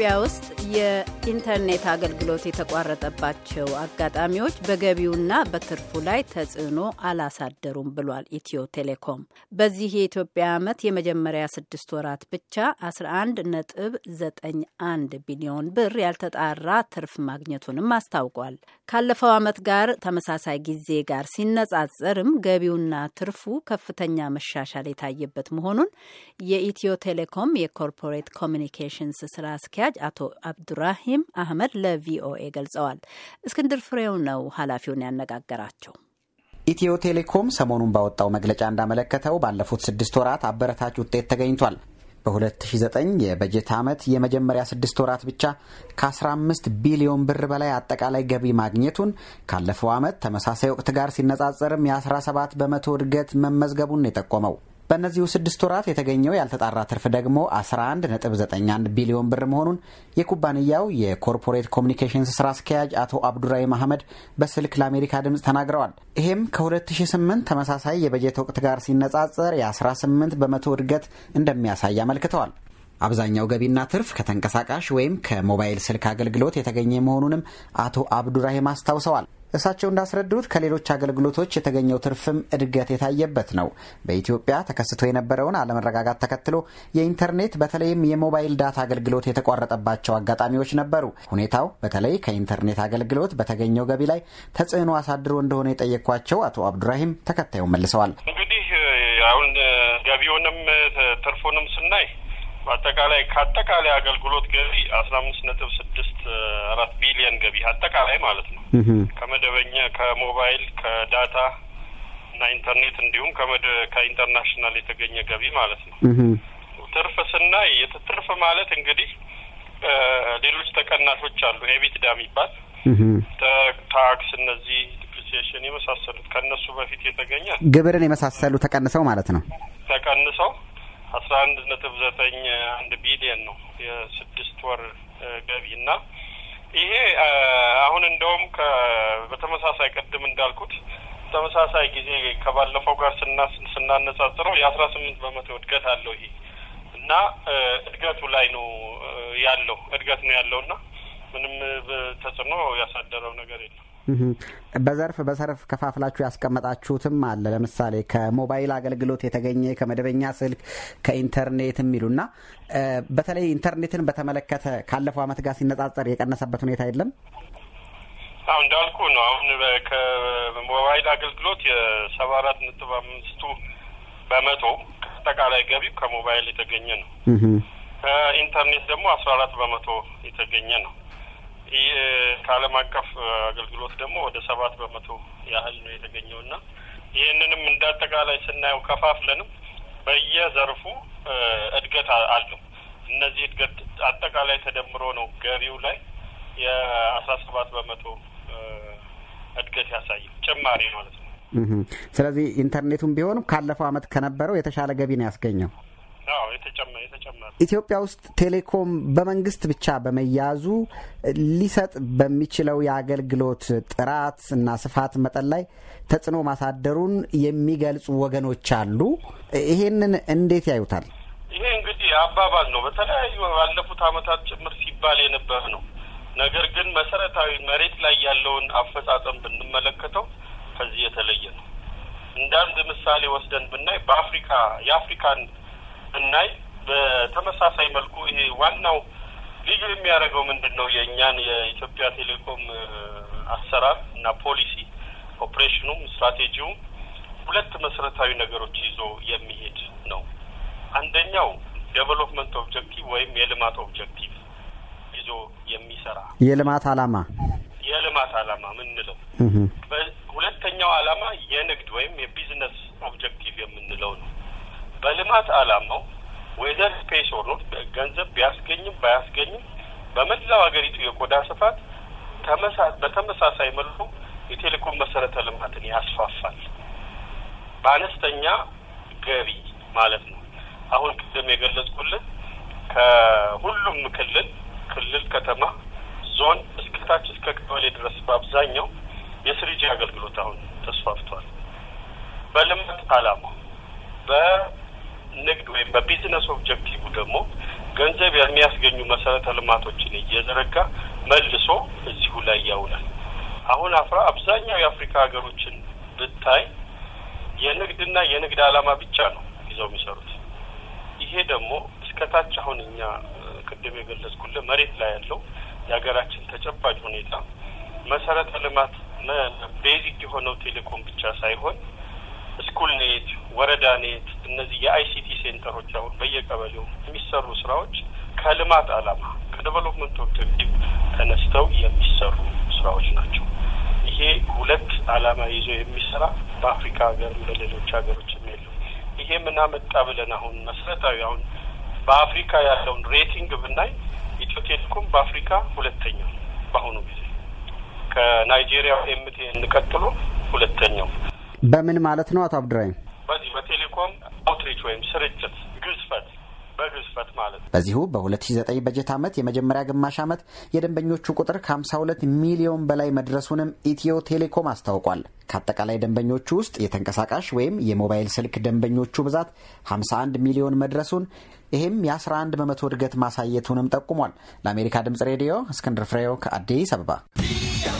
Biaos የኢንተርኔት አገልግሎት የተቋረጠባቸው አጋጣሚዎች በገቢውና በትርፉ ላይ ተጽዕኖ አላሳደሩም ብሏል ኢትዮ ቴሌኮም። በዚህ የኢትዮጵያ ዓመት የመጀመሪያ ስድስት ወራት ብቻ 11 ነጥብ 91 ቢሊዮን ብር ያልተጣራ ትርፍ ማግኘቱንም አስታውቋል። ካለፈው ዓመት ጋር ተመሳሳይ ጊዜ ጋር ሲነጻጸርም ገቢውና ትርፉ ከፍተኛ መሻሻል የታየበት መሆኑን የኢትዮ ቴሌኮም የኮርፖሬት ኮሚኒኬሽንስ ስራ አስኪያጅ አቶ አብዱራሂም አህመድ ለቪኦኤ ገልጸዋል። እስክንድር ፍሬው ነው ኃላፊውን ያነጋገራቸው። ኢትዮ ቴሌኮም ሰሞኑን ባወጣው መግለጫ እንዳመለከተው ባለፉት ስድስት ወራት አበረታች ውጤት ተገኝቷል። በ2009 የበጀት ዓመት የመጀመሪያ ስድስት ወራት ብቻ ከ15 ቢሊዮን ብር በላይ አጠቃላይ ገቢ ማግኘቱን ካለፈው ዓመት ተመሳሳይ ወቅት ጋር ሲነጻጸርም የ17 በመቶ እድገት መመዝገቡን የጠቆመው በእነዚሁ ስድስት ወራት የተገኘው ያልተጣራ ትርፍ ደግሞ 11.91 ቢሊዮን ብር መሆኑን የኩባንያው የኮርፖሬት ኮሚኒኬሽንስ ስራ አስኪያጅ አቶ አብዱራይ መሐመድ በስልክ ለአሜሪካ ድምፅ ተናግረዋል። ይህም ከ2008 ተመሳሳይ የበጀት ወቅት ጋር ሲነጻጸር የ18 በመቶ እድገት እንደሚያሳይ አመልክተዋል። አብዛኛው ገቢና ትርፍ ከተንቀሳቃሽ ወይም ከሞባይል ስልክ አገልግሎት የተገኘ መሆኑንም አቶ አብዱራሂም አስታውሰዋል። እሳቸው እንዳስረዱት ከሌሎች አገልግሎቶች የተገኘው ትርፍም እድገት የታየበት ነው። በኢትዮጵያ ተከስቶ የነበረውን አለመረጋጋት ተከትሎ የኢንተርኔት በተለይም የሞባይል ዳታ አገልግሎት የተቋረጠባቸው አጋጣሚዎች ነበሩ። ሁኔታው በተለይ ከኢንተርኔት አገልግሎት በተገኘው ገቢ ላይ ተጽዕኖ አሳድሮ እንደሆነ የጠየኳቸው አቶ አብዱራሂም ተከታዩን መልሰዋል። እንግዲህ አሁን ገቢውንም ትርፉንም ስናይ በአጠቃላይ ከአጠቃላይ አገልግሎት ገቢ አስራ አምስት ነጥብ ስድስት አራት ቢሊየን ገቢ አጠቃላይ ማለት ነው ከመደበኛ ከሞባይል ከዳታ እና ኢንተርኔት እንዲሁም ከመደ ከኢንተርናሽናል የተገኘ ገቢ ማለት ነው። ትርፍ ስናይ የትርፍ ማለት እንግዲህ ሌሎች ተቀናሾች አሉ። ኤቢትዳ የሚባል ታክስ፣ እነዚህ ዲፕሪሲዬሽን የመሳሰሉት ከእነሱ በፊት የተገኘ ግብርን የመሳሰሉ ተቀንሰው ማለት ነው ተቀንሰው አስራ አንድ ነጥብ ዘጠኝ አንድ ቢሊየን ነው የስድስት ወር ገቢ እና ይሄ አሁን እንደውም በተመሳሳይ ቅድም እንዳልኩት ተመሳሳይ ጊዜ ከባለፈው ጋር ስና ስናነጻጽረው የአስራ ስምንት በመቶ እድገት አለው ይሄ እና እድገቱ ላይ ነው ያለው እድገት ነው ያለው እና ምንም ተጽዕኖ ያሳደረው ነገር የለም። በዘርፍ በዘርፍ ከፋፍላችሁ ያስቀመጣችሁትም አለ። ለምሳሌ ከሞባይል አገልግሎት የተገኘ ከመደበኛ ስልክ፣ ከኢንተርኔት የሚሉና በተለይ ኢንተርኔትን በተመለከተ ካለፈው ዓመት ጋር ሲነጻጸር የቀነሰበት ሁኔታ የለም። አሁ እንዳልኩ ነው። አሁን ከሞባይል አገልግሎት የሰባ አራት ነጥብ አምስቱ በመቶ ከአጠቃላይ ገቢው ከሞባይል የተገኘ ነው። ከኢንተርኔት ደግሞ አስራ አራት በመቶ የተገኘ ነው። ከዓለም አቀፍ አገልግሎት ደግሞ ወደ ሰባት በመቶ ያህል ነው የተገኘው እና ይህንንም እንዳጠቃላይ ስናየው ከፋፍለንም በየዘርፉ እድገት አለው። እነዚህ እድገት አጠቃላይ ተደምሮ ነው ገቢው ላይ የአስራ ሰባት በመቶ እድገት ያሳየው ጭማሪ ማለት ነው። ስለዚህ ኢንተርኔቱም ቢሆንም ካለፈው አመት ከነበረው የተሻለ ገቢ ነው ያስገኘው። ኢትዮጵያ ውስጥ ቴሌኮም በመንግስት ብቻ በመያዙ ሊሰጥ በሚችለው የአገልግሎት ጥራት እና ስፋት መጠን ላይ ተጽዕኖ ማሳደሩን የሚገልጹ ወገኖች አሉ። ይሄንን እንዴት ያዩታል? ይሄ እንግዲህ አባባል ነው። በተለያዩ ባለፉት አመታት ጭምር ሲባል የነበረ ነው። ነገር ግን መሰረታዊ መሬት ላይ ያለውን አፈጻጸም ብንመለከተው ከዚህ የተለየ ነው። እንደ አንድ ምሳሌ ወስደን ብናይ በአፍሪካ የአፍሪካን ብናይ በተመሳሳይ መልኩ ይሄ ዋናው ልዩ የሚያደርገው ምንድን ነው? የእኛን የኢትዮጵያ ቴሌኮም አሰራር እና ፖሊሲ ኦፕሬሽኑም ስትራቴጂውም ሁለት መሰረታዊ ነገሮች ይዞ የሚሄድ ነው። አንደኛው ዴቨሎፕመንት ኦብጀክቲቭ ወይም የልማት ኦብጀክቲቭ ይዞ የሚሰራ የልማት አላማ የልማት አላማ ምንለው፣ ሁለተኛው አላማ የንግድ ወይም የቢዝነስ በልማት አላማው ዌዘር ስፔስ ሆኖት ገንዘብ ቢያስገኝም ባያስገኝም በመላው ሀገሪቱ የቆዳ ስፋት በተመሳሳይ መልኩ የቴሌኮም መሰረተ ልማትን ያስፋፋል በአነስተኛ ገቢ ማለት ነው። አሁን ቅድም የገለጽኩልን ከሁሉም ክልል ክልል፣ ከተማ፣ ዞን እስከ ታች እስከ ቀበሌ ድረስ በአብዛኛው የስሪጂ አገልግሎት አሁን ተስፋፍቷል። በልማት አላማ በንግድ ወይም በቢዝነስ ኦብጀክቲቭ ደግሞ ገንዘብ የሚያስገኙ መሰረተ ልማቶችን እየዘረጋ መልሶ እዚሁ ላይ ያውላል። አሁን አፍራ አብዛኛው የአፍሪካ ሀገሮችን ብታይ የንግድና የንግድ ዓላማ ብቻ ነው ይዘው የሚሰሩት። ይሄ ደግሞ እስከታች አሁን እኛ ቅድም የገለጽኩልህ መሬት ላይ ያለው የሀገራችን ተጨባጭ ሁኔታ መሰረተ ልማት ቤዚክ የሆነው ቴሌኮም ብቻ ሳይሆን ስኩል ኔት፣ ወረዳ ኔት፣ እነዚህ የአይሲቲ ሴንተሮች አሁን በየቀበሌው የሚሰሩ ስራዎች ከልማት አላማ ከዴቨሎፕመንት ኦብጀክቲቭ ተነስተው የሚሰሩ ስራዎች ናቸው። ይሄ ሁለት አላማ ይዞ የሚሰራ በአፍሪካ ሀገር በሌሎች ሀገሮችም የለም። ይሄ ምናመጣ ብለን አሁን መሰረታዊ አሁን በአፍሪካ ያለውን ሬቲንግ ብናይ ኢትዮ ቴሌኮም በአፍሪካ ሁለተኛው በአሁኑ ጊዜ ከናይጄሪያ ኤምቲኤን ቀጥሎ ሁለተኛው በምን ማለት ነው አቶ አብዱራሂም? በዚህ በቴሌኮም አውትሪች ወይም ስርጭት ግዝፈት በግዝፈት ማለት ነው። በዚሁ በ2009 በጀት ዓመት የመጀመሪያ ግማሽ ዓመት የደንበኞቹ ቁጥር ከ52 ሚሊዮን በላይ መድረሱንም ኢትዮ ቴሌኮም አስታውቋል። ከአጠቃላይ ደንበኞቹ ውስጥ የተንቀሳቃሽ ወይም የሞባይል ስልክ ደንበኞቹ ብዛት 51 ሚሊዮን መድረሱን ይህም የ11 በመቶ እድገት ማሳየቱንም ጠቁሟል። ለአሜሪካ ድምጽ ሬዲዮ እስክንድር ፍሬው ከአዲስ አበባ